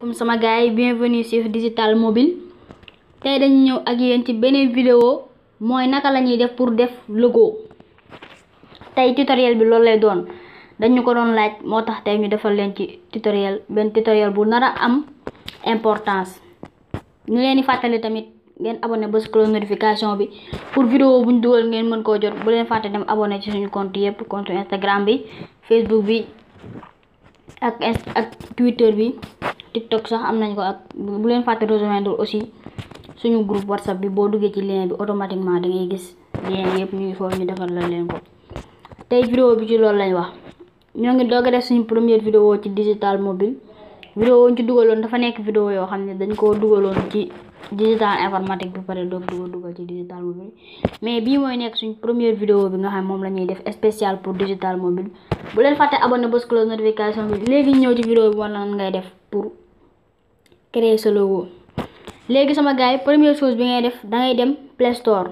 comme sama gars yi bienvenue sur digital mobile tey dañu ñëw ak yéen ci beneen vidéo mooy naka lañuy def pour def logo tey tutoriel bi loolu lay doon dañu ko doon laaj moo tax tey ñu defal leen ci tutoriel benn tutoriel bu nar am importance ñu leen di fàttali tamit ngeen abonné bés cloche notification bi pour vidéo bu ñu dugal ngeen mën koo jot bu leen fàtte dem abonné ci suñu compte yëpp compte Instagram bi Facebook bi ak ak Twitter bi TikTok sax am nañ ko ak bu leen fàtte rejoindre aussi suñu groupe WhatsApp bi boo duggee ci lien bi automatiquement da ngay gis lien yëpp ñu ngi foofu ñu defar la leen ko tey vidéo bi ci loolu lañ wax ñoo ngi doog a def suñu première vidéo ci digital mobile vidéo ñu ci dugaloon dafa nekk vidéo yoo xam ne dañ koo dugaloon ci digital informatique bi pare doog dugal dugal ci digital mobile mais bii mooy nekk suñu première vidéo bi nga xam moom la ñuy def spécial pour digital mobile bu leen fàtte abonné bës close notification bi léegi ñëw ci vidéo bi war nan ngay def pour créer sa logo léegi sama gars yi première chose bi ngay def da ngay dem Play Store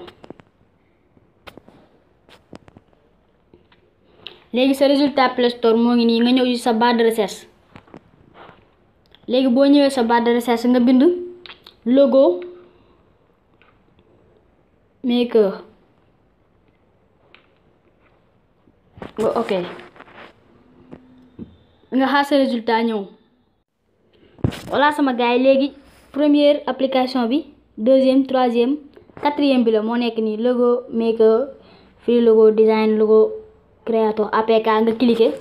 léegi sa résultat Play Store moo ngi nii nga ñëw ci sa barre de léegi boo ñëwee sa barre de nga bind logo maker nga ok nga xaar sa résultat ñëw voilà sama gars yi léegi première application bi deuxième troisième quatrième bi la moo nekk nii logo maker free logo design logo creator apk nga cliquer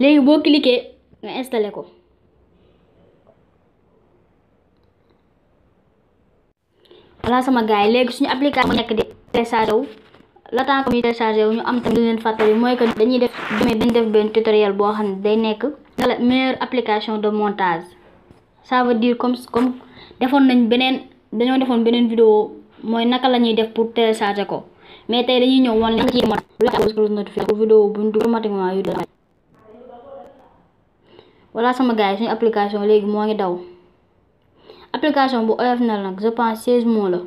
léegi boo cliquer nga installé ko voilà sama gars yi léegi suñu application nekk di téléchargé wu le temps que muy téléchargé wu ñu am tamit lu leen fàttali mooy que dañuy def dañuy def benn tutoriel boo xam ne day nekk la meilleure application de montage ça veut dire comme comme defoon nañ beneen dañoo defoon beneen vidéo mooy naka lañuy def pour télécharger ko mais tey dañuy ñëw wan leen ci montage notification vidéo bu ñu dugg automatiquement yu voilà sama gars yi suñu application léegi moo ngi daw application bu oyof na nag je pense seize la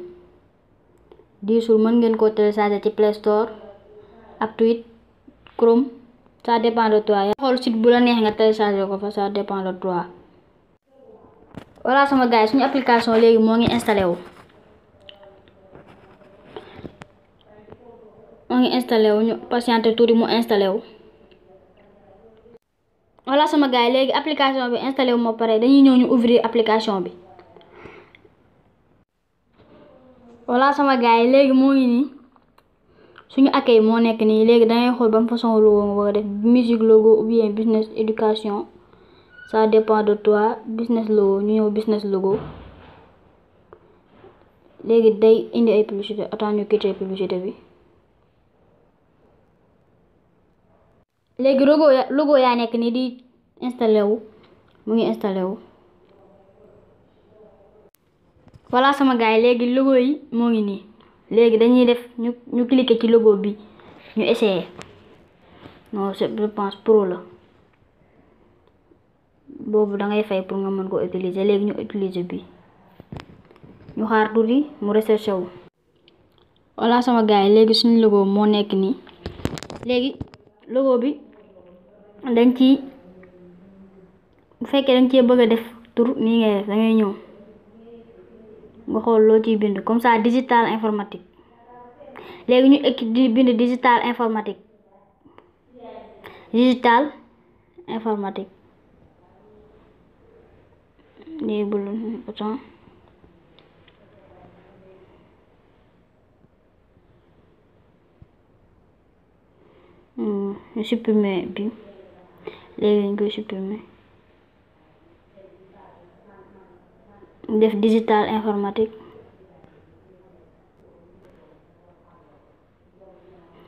diisul mën ngeen koo télécharger ci Play Store ak Tweet Chrome ça dépend de toi yaa xool site bu la neex nga télécharger ko fa ça dépend de toi voilà sama gars yi application léegi moo ngi installé wu moo ngi installé wu ñu patiente tuuti mu installé wu voilà sama gars yi léegi application bi installé wu moo pare dañuy ñëw ñu ouvrir application bi voilà sama gars yi léegi moo ngi nii suñu accueil moo nekk nii léegi dangay xool ban façon logo nga war a def musique logo ou bien business éducation ça dépend de trois business logo ñu ñëw business logo léegi day indi ay publicité autant ñu quitter publicité bi léegi logo logo yaa nekk nii di installé wu mu ngi installé wu voilà sama gars yi léegi logo yi moo ngi nii léegi dañuy def ñu ñu cliquer ci logo bi ñu essayer non c'est je pense pro la boobu da ngay fay pour nga mën ko utiliser léegi ñu utiliser bi ñu xaar tuuti mu recherché wu. voilà sama gars yi léegi suñu logo moo nekk nii léegi logo bi dañ ci bu fekkee dañ cee bëgg a def tour nii ngay def da ngay ñëw. nga xool loo ciy bind comme ça digital informatique léegi ñu ekk di bind digital informatique digital informatique léegi bul autant ñu hmm, bi léegi ñu koy supprimer ñu def digital informatique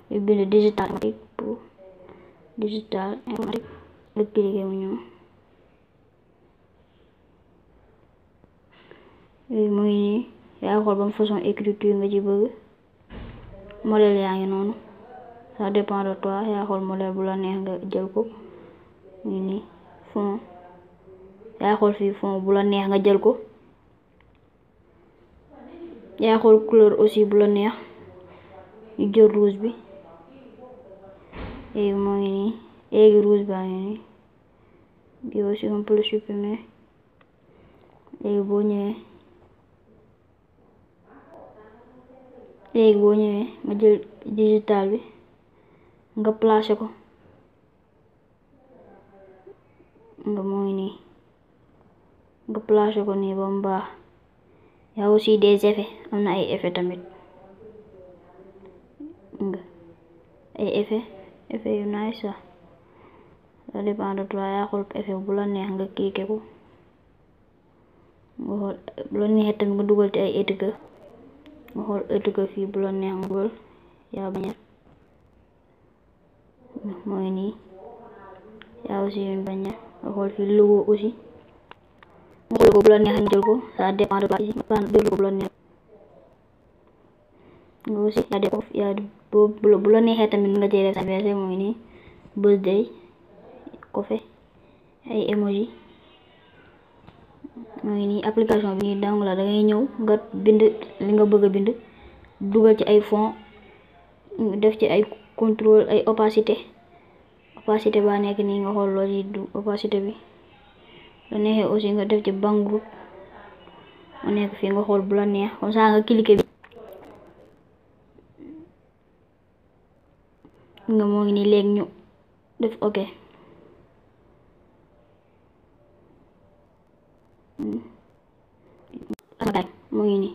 ñu bind digital informatique pour digital informatique nga mu ñëw mu ngi nii yaa xool ban façon écriture nga ci bëgg yaa ngi noonu ça dépend de toi yaa xool modèle bu neex nga jël ko mu ngi nii fond yaa xool fii fond bu neex nga jël ko yaay xool couleur aussi bu la neex ñu jël rouge bi léegi moo ngi nii léegi rouge baa ngi nii bi aussi on peut le supprimer léegi boo ñëwee léegi boo ñëwee nga jël digital bi nga placé ko nga moo ngi nii nga placé ko nii ba y a aussi des effets am na ay effets tamit ay effets effets yu nice sax ça dépend de toi yaa nga cliquer ko nga dugal ci ay étiquette nga xool étiquette fii bu la dugal yaa bañ mooy nii yaa aussi yu nga xool fii logo aussi bu la neex nga jël ko ça dépend de plat yi bu la neexee tamit nga jëlee sa verset mooy nii birthday ay emoji mooy nii application bi nii dang la da ngay ñëw nga bind li nga bëgg a bind dugal ci ay fond def ci ay contrôle ay opacité opacité baa nekk nii nga xool loolu du opacité bi soo neexee aussi nga def ci bank group mu nekk fii nga xool bu la neex comme ça nga cliquer bi nga moo ngi nii léegi ñu def ok moo ngi nii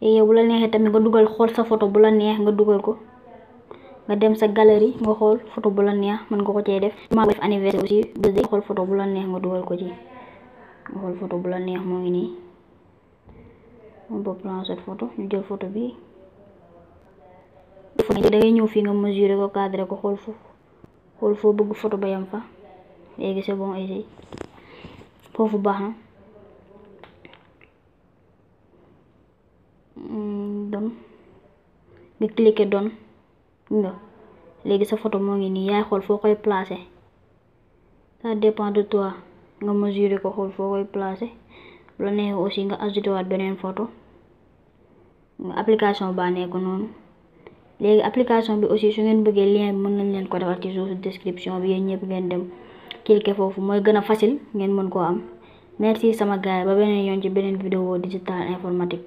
léegi yow bu la neexee tamit nga dugal xool sa foto bu la neex nga dugal ko nga dem sa galerie nga xool photo bu la neex mën nga ko cee def maa def anniversaire aussi birthday nga xool photo bu la neex nga dugal ko ci nga xool photo bu la neex moo ngi nii on peut prendre cette photo ñu jël photo bi da ngay ñëw fii nga mesurer ko cadré ko xool foofu xool foo bëgg photo ba yam fa léegi c'est bon foofu baax hmm, don nga cliquer don nga léegi sa photo moo ngi nii yaay xool foo koy placé ça dépend de toi nga mesuré ko xool foo koy placé bu la aussi nga ajouté waat beneen photo application baa nekk noonu léegi application bi aussi su ngeen bëggee lien bi mën nañ leen ko defal ci suufu description bi yéen ñëpp ngeen dem cliquer foofu mooy gën a facile ngeen mën koo am merci sama gaay ba beneen yoon ci beneen vidéo digital informatique